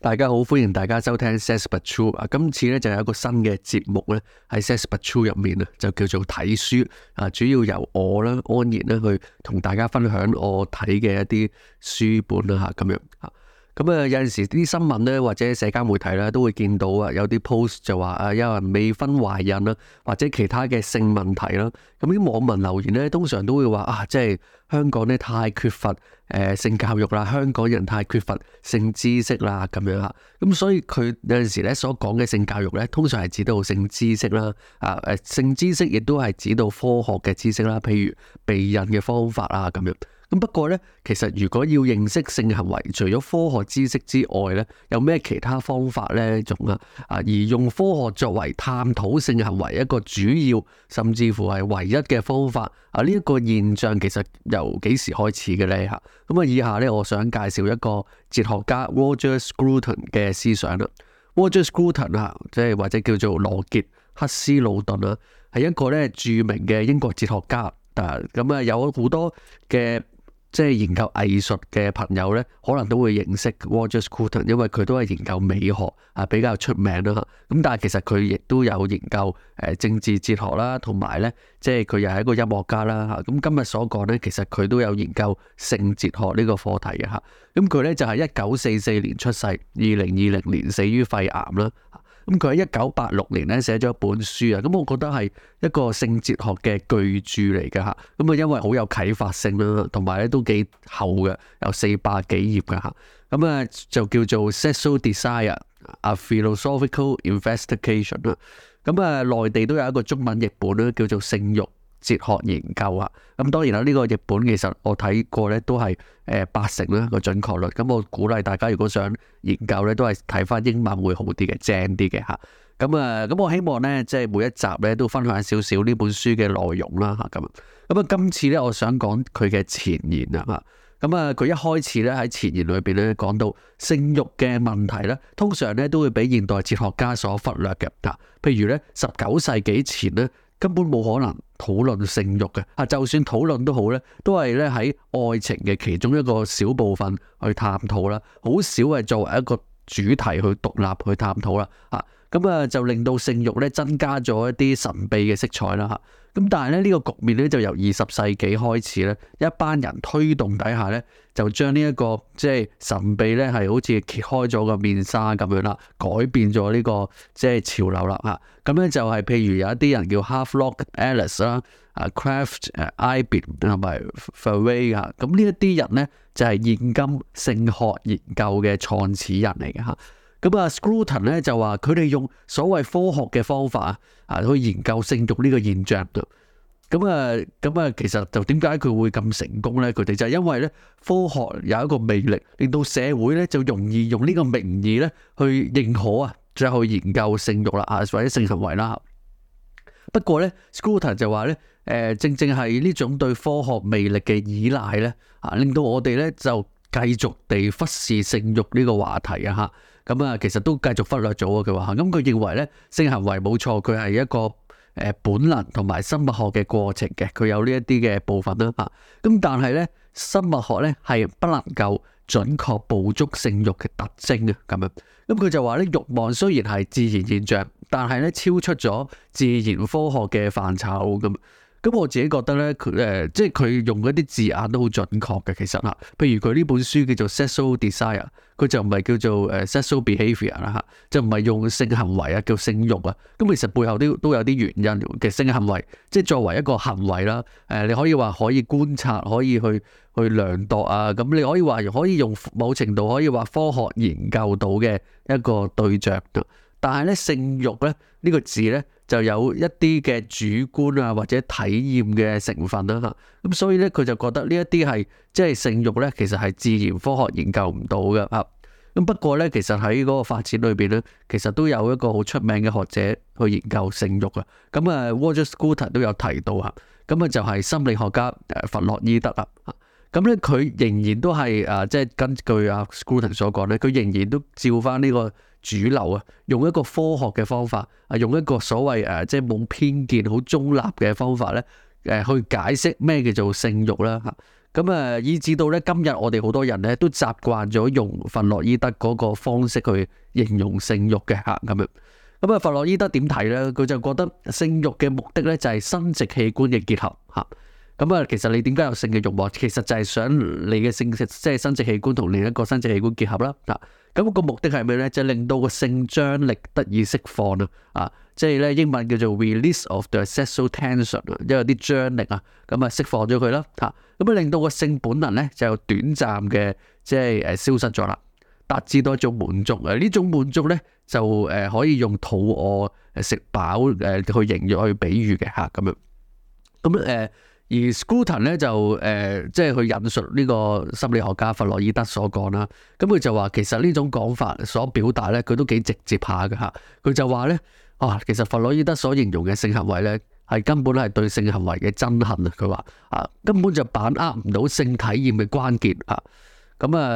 大家好，歡迎大家收聽 Sex But True 啊，今次咧就有一個新嘅節目咧喺 Sex But True 入面啊，就叫做睇書啊，主要由我咧安然咧去同大家分享我睇嘅一啲書本啦吓，咁樣。咁啊，有陣時啲新聞咧，或者社交媒體咧，都會見到啊，有啲 post 就話啊，有人未婚懷孕啦，或者其他嘅性問題啦。咁啲網民留言咧，通常都會話啊，即係香港咧太缺乏誒性教育啦，香港人太缺乏性知識啦，咁樣啦。咁所以佢有陣時咧所講嘅性教育咧，通常係指到性知識啦，啊誒性知識亦都係指到科學嘅知識啦，譬如避孕嘅方法啊咁樣。不過呢，其實如果要認識性行為，除咗科學知識之外呢，有咩其他方法呢？仲啊，啊而用科學作為探討性行為一個主要，甚至乎係唯一嘅方法啊！呢、這、一個現象其實由幾時開始嘅呢？嚇咁啊，以下呢，我想介紹一個哲學家 Roger Scruton 嘅思想啦。Roger Scruton 啊，即係或者叫做羅傑·斯克魯頓啊，係一個呢著名嘅英國哲學家啊。咁啊，有好多嘅。即係研究藝術嘅朋友呢，可能都會認識 Roger Scruton，因為佢都係研究美學啊，比較出名啦。咁但係其實佢亦都有研究誒政治哲學啦，同埋呢，即係佢又係一個音樂家啦。嚇，咁今日所講呢，其實佢都有研究性哲學呢個課題嘅嚇。咁佢呢，就係一九四四年出世，二零二零年死於肺癌啦。咁佢喺一九八六年咧寫咗一本書啊，咁我覺得係一個性哲學嘅巨著嚟嘅吓，咁啊因為好有啟發性啦，同埋咧都幾厚嘅，有四百幾頁噶嚇，咁啊就叫做《Sexual Desire: A Philosophical Investigation》啦，咁啊內地都有一個中文譯本啦，叫做《性慾》。哲學研究啊，咁當然啦，呢個譯本其實我睇過呢都係誒八成啦個準確率。咁我鼓勵大家如果想研究呢都係睇翻英文會好啲嘅，正啲嘅嚇。咁啊，咁我希望呢，即係每一集呢都分享少少呢本書嘅內容啦嚇。咁咁啊，今次呢，我想講佢嘅前言啊嘛。咁啊，佢一開始呢喺前言裏邊呢講到性欲嘅問題呢，通常呢都會俾現代哲學家所忽略嘅嗱。譬如呢，十九世紀前呢，根本冇可能討論性慾嘅，嚇，就算討論都好咧，都係咧喺愛情嘅其中一個小部分去探討啦，好少係作為一個主題去獨立去探討啦，嚇，咁啊就令到性慾咧增加咗一啲神秘嘅色彩啦，嚇。咁但係咧，呢個局面咧就由二十世紀開始咧，一班人推動底下咧，就將呢、這個、一個即係神秘咧係好似揭開咗個面紗咁樣啦，改變咗呢、這個即係潮流啦嚇。咁咧就係譬如有一啲人叫 Havelock Ellis 啦啊 Krafft-Ebing 同埋 Farway 啊，咁呢一啲人咧就係、是、現今性學研究嘅創始人嚟嘅嚇。咁啊，Scruton 咧就話佢哋用所謂科學嘅方法啊，啊去研究性慾呢個現象。咁啊，咁啊，其實就點解佢會咁成功咧？佢哋就係因為咧科學有一個魅力，令到社會咧就容易用呢個名義咧去認可啊，再去研究性慾啦，啊或者性行為啦。不過咧，Scruton 就話咧，誒正正係呢種對科學魅力嘅依賴咧，啊令到我哋咧就繼續地忽視性慾呢個話題啊，吓。咁啊，其實都繼續忽略咗喎。佢話，咁佢認為咧，性行為冇錯，佢係一個誒本能同埋生物學嘅過程嘅，佢有呢一啲嘅部分啦嚇。咁但係咧，生物學咧係不能夠準確捕捉性慾嘅特徵啊。咁樣，咁佢就話咧，慾望雖然係自然現象，但係咧超出咗自然科學嘅範疇咁。咁我自己覺得咧，佢誒即係佢用嗰啲字眼都好準確嘅，其實嚇。譬如佢呢本書叫做 sexual desire，佢就唔係叫做誒 sexual behavior 啦嚇，就唔係用性行為啊，叫性欲啊。咁其實背後都都有啲原因嘅性行為，即係作為一個行為啦。誒、呃，你可以話可以觀察，可以去去量度啊。咁你可以話可以用某程度可以話科學研究到嘅一個對象。但係咧，性欲咧呢、呢個字咧。就有一啲嘅主觀啊，或者體驗嘅成分啦嚇，咁、啊、所以咧佢就覺得呢一啲係即係性慾咧，其實係自然科學研究唔到嘅嚇。咁、啊、不過咧，其實喺嗰個發展裏邊咧，其實都有一個好出名嘅學者去研究性慾啊。咁啊，Roger Scruton 都有提到嚇。咁啊，啊，就係、是、心理學家弗洛伊德啊。咁、啊、咧，佢、啊、仍然都係啊，即係根據啊 Scruton 所講咧，佢仍然都照翻呢、這個。主流啊，用一個科學嘅方法啊，用一個所謂誒，即係冇偏見、好中立嘅方法咧，誒去解釋咩叫做性慾啦嚇。咁啊，以至到咧今日，我哋好多人咧都習慣咗用弗洛伊德嗰個方式去形容性慾嘅嚇。咁樣咁啊，弗洛伊德點睇咧？佢就覺得性慾嘅目的咧就係生殖器官嘅結合嚇。啊咁啊，其實你點解有性嘅慾望？其實就係想你嘅生殖，即、就、係、是、生殖器官同另一個生殖器官結合啦。嗱、啊，咁、那個目的係咩咧？就係、是、令到個性張力得以釋放啊！啊，即係咧英文叫做 release of the sexual tension 因為啲張力啊，咁、嗯、啊釋放咗佢啦。嚇、嗯，咁啊令到個性本能咧就短暫嘅，即係誒消失咗啦，達至多一種滿足啊！呢種滿足咧就誒、啊、可以用肚餓食飽誒、啊、去形容去比喻嘅嚇咁樣。咁、啊、誒。啊而 Scruton 咧就誒、呃，即係去引述呢個心理學家弗洛伊德所講啦。咁、嗯、佢就話其實呢種講法所表達咧，佢都幾直接下嘅嚇。佢就話咧啊，其實弗洛伊德所形容嘅性行為咧，係根本係對性行為嘅憎恨啊！佢話啊，根本就把握唔到性體驗嘅關鍵嚇。啊咁啊、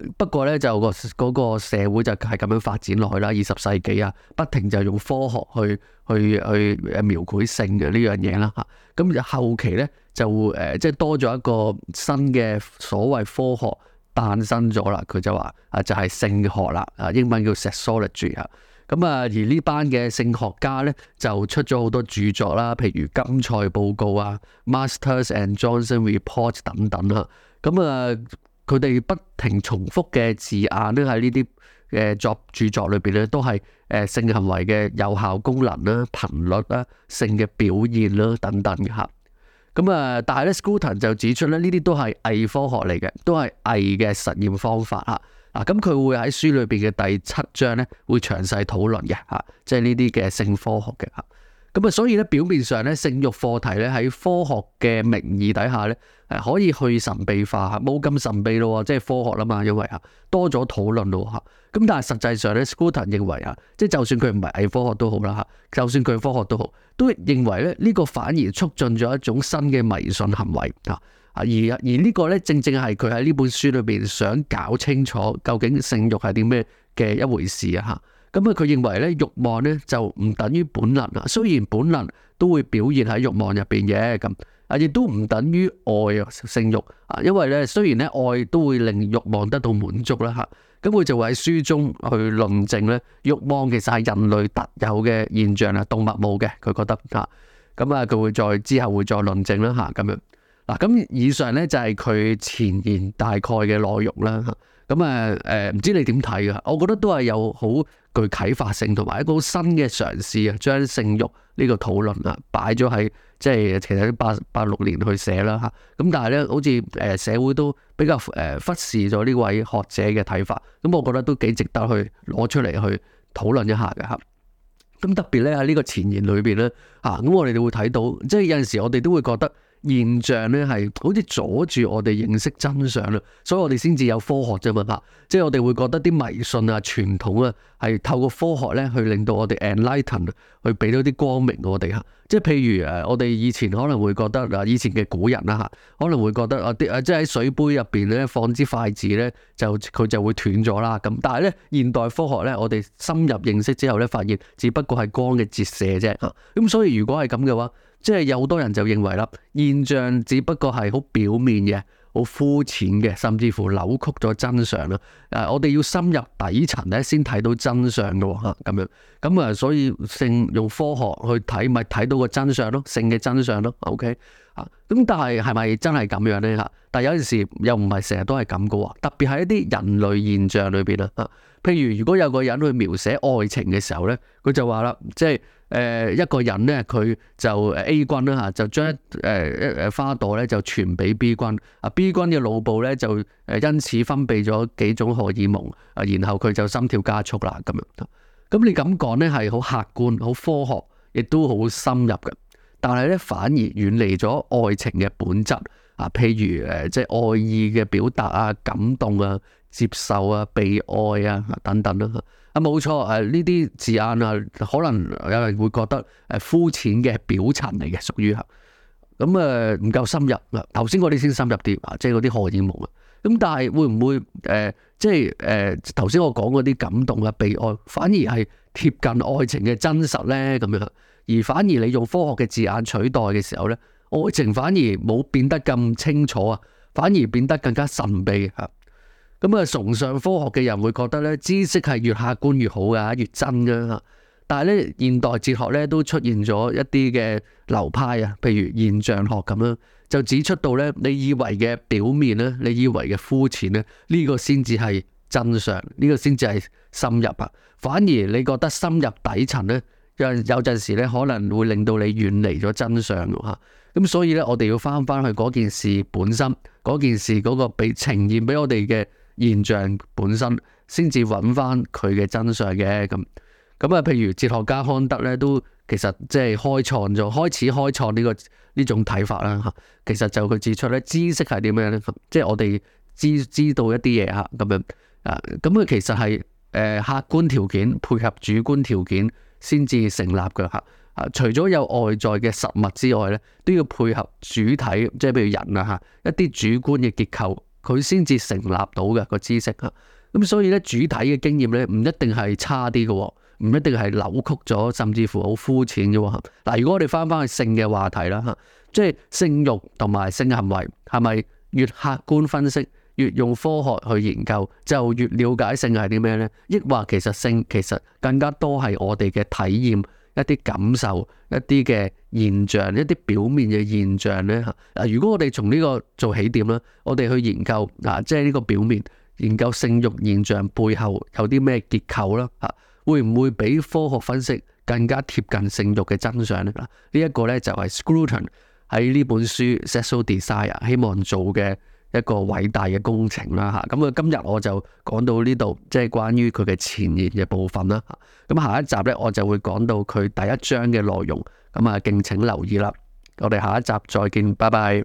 嗯，不過咧就個嗰社會就係咁樣發展落去啦。二十世紀啊，不停就用科學去去去描繪性嘅呢樣嘢啦嚇。咁、嗯、後期咧就誒、呃，即係多咗一個新嘅所謂科學誕生咗啦。佢就話啊，就係、是、性學啦，啊英文叫 sexology 啊。咁啊，而呢班嘅性學家咧就出咗好多著作啦、啊，譬如金賽報告啊、Masters and Johnson reports 等等嚇。咁啊～、嗯啊佢哋不停重複嘅字眼，都喺呢啲誒作著作裏邊咧，都係誒性行為嘅有效功能啦、頻率啦、性嘅表現啦等等嘅嚇。咁啊，但係咧，Scruton 就指出咧，呢啲都係偽科學嚟嘅，都係偽嘅實驗方法嚇。嗱、啊，咁佢會喺書裏邊嘅第七章咧，會詳細討論嘅嚇，即係呢啲嘅性科學嘅嚇。咁啊，所以咧，表面上咧，性慾課題咧喺科學嘅名義底下咧，係可以去神秘化，冇咁神秘咯喎，即係科學啦嘛，因為嚇多咗討論咯嚇。咁但係實際上咧，Scruton 認為嚇，即係就算佢唔係偽科學都好啦嚇，就算佢係科學都好，好，都認為咧呢個反而促進咗一種新嘅迷信行為啊啊！而而呢個咧，正正係佢喺呢本書裏邊想搞清楚究竟性慾係啲咩嘅一回事啊嚇。咁啊，佢認為咧，慾望咧就唔等於本能啊。雖然本能都會表現喺欲望入邊嘅，咁啊，亦都唔等於愛，性欲啊。因為咧，雖然咧愛都會令欲望得到滿足啦，嚇。咁佢就會喺書中去論證咧，慾望其實係人類特有嘅現象啦，動物冇嘅。佢覺得嚇，咁啊，佢會在之後會再論證啦，嚇咁樣。嗱，咁以上咧就係佢前言大概嘅內容啦。咁啊，誒、嗯，唔知你點睇啊。我覺得都係有好具啟發性，同埋一個新嘅嘗試啊！將性欲呢個討論啊，擺咗喺即係其實八八六年去寫啦吓。咁但係咧，好似誒社會都比較誒忽視咗呢位學者嘅睇法。咁我覺得都幾值得去攞出嚟去討論一下嘅吓。咁特別咧喺呢、這個前言裏邊咧，吓、啊、咁我哋會睇到，即係有陣時我哋都會覺得。現象咧係好似阻住我哋認識真相啦，所以我哋先至有科學啫嘛嚇，即係我哋會覺得啲迷信啊、傳統啊，係透過科學咧去令到我哋 enlighten，去俾到啲光明我哋嚇。即係譬如誒，我哋以前可能會覺得啊，以前嘅古人啦嚇，可能會覺得啊啲即係喺水杯入邊咧放支筷子咧，就佢就會斷咗啦咁。但係咧現代科學咧，我哋深入認識之後咧，發現只不過係光嘅折射啫嚇。咁、啊、所以如果係咁嘅話，即係有好多人就認為啦，現象只不過係好表面嘅、好膚淺嘅，甚至乎扭曲咗真相咯。啊，我哋要深入底層咧，先睇到真相嘅嚇咁樣。咁啊，所以性用科學去睇，咪睇到個真相咯，性嘅真相咯、啊。OK 啊，咁但係係咪真係咁樣呢？嚇、啊？但係有陣時又唔係成日都係咁嘅喎，特別係一啲人類現象裏邊啊。啊，譬如如果有個人去描寫愛情嘅時候呢，佢就話啦，即係。誒一個人咧，佢就 A 君啦嚇，就將一誒一花朵咧就傳俾 B 君。啊 B 君嘅腦部咧就誒因此分泌咗幾種荷爾蒙，啊然後佢就心跳加速啦咁樣。咁你咁講咧係好客觀、好科學，亦都好深入嘅。但係咧反而遠離咗愛情嘅本質啊，譬如誒即係愛意嘅表達啊、感動啊、接受啊、被愛啊等等咯。錯啊，冇錯，誒，呢啲字眼啊，可能有人會覺得誒膚淺嘅表層嚟嘅，屬於吓，咁誒唔夠深入。頭先嗰啲先深入啲啊，即係嗰啲荷爾蒙啊。咁但係會唔會誒、啊，即係誒，頭、啊、先我講嗰啲感動啊、悲哀，反而係貼近愛情嘅真實咧？咁、啊、樣，而反而你用科學嘅字眼取代嘅時候咧，愛情反而冇變得咁清楚啊，反而變得更加神秘吓。啊咁啊，崇尚科學嘅人會覺得咧，知識係越客觀越好㗎，越真㗎。但係咧，現代哲學咧都出現咗一啲嘅流派啊，譬如現象學咁啦，就指出到咧，你以為嘅表面咧，你以為嘅膚淺咧，呢個先至係真相，呢個先至係深入啊。反而你覺得深入底層咧，有有陣時咧可能會令到你遠離咗真相啊。咁所以咧，我哋要翻翻去嗰件事本身，嗰件事嗰個被呈現俾我哋嘅。現象本身先至揾翻佢嘅真相嘅。咁咁啊，譬如哲學家康德咧，都其實即係開創咗，開始開創呢個呢種睇法啦嚇。其實就佢指出咧，知識係點樣呢？即係我哋知知道一啲嘢嚇，咁樣啊，咁佢其實係誒，客觀條件配合主觀條件先至成立嘅嚇啊。除咗有外在嘅實物之外呢，都要配合主體，即係譬如人啊嚇，一啲主觀嘅結構。佢先至成立到嘅、嗰個知識嚇，咁、啊、所以咧主體嘅經驗咧唔一定係差啲嘅、哦，唔一定係扭曲咗，甚至乎好膚淺嘅、哦。嗱，如果我哋翻返去性嘅話題啦嚇、啊，即係性慾同埋性行為，係咪越客觀分析，越用科學去研究，就越了解性係啲咩呢？抑或其實性其實更加多係我哋嘅體驗？一啲感受、一啲嘅現象、一啲表面嘅現象咧嚇。嗱，如果我哋從呢個做起點啦，我哋去研究嗱、啊，即係呢個表面，研究性慾現象背後有啲咩結構啦嚇、啊，會唔會比科學分析更加貼近性慾嘅真相咧？啊這個、呢一個咧就係、是、Scruton 喺呢本書《Sexual Desire》希望做嘅。一個偉大嘅工程啦吓，咁啊今日我就講到呢度，即係關於佢嘅前言嘅部分啦，咁下一集呢，我就會講到佢第一章嘅內容，咁啊敬請留意啦，我哋下一集再見，拜拜。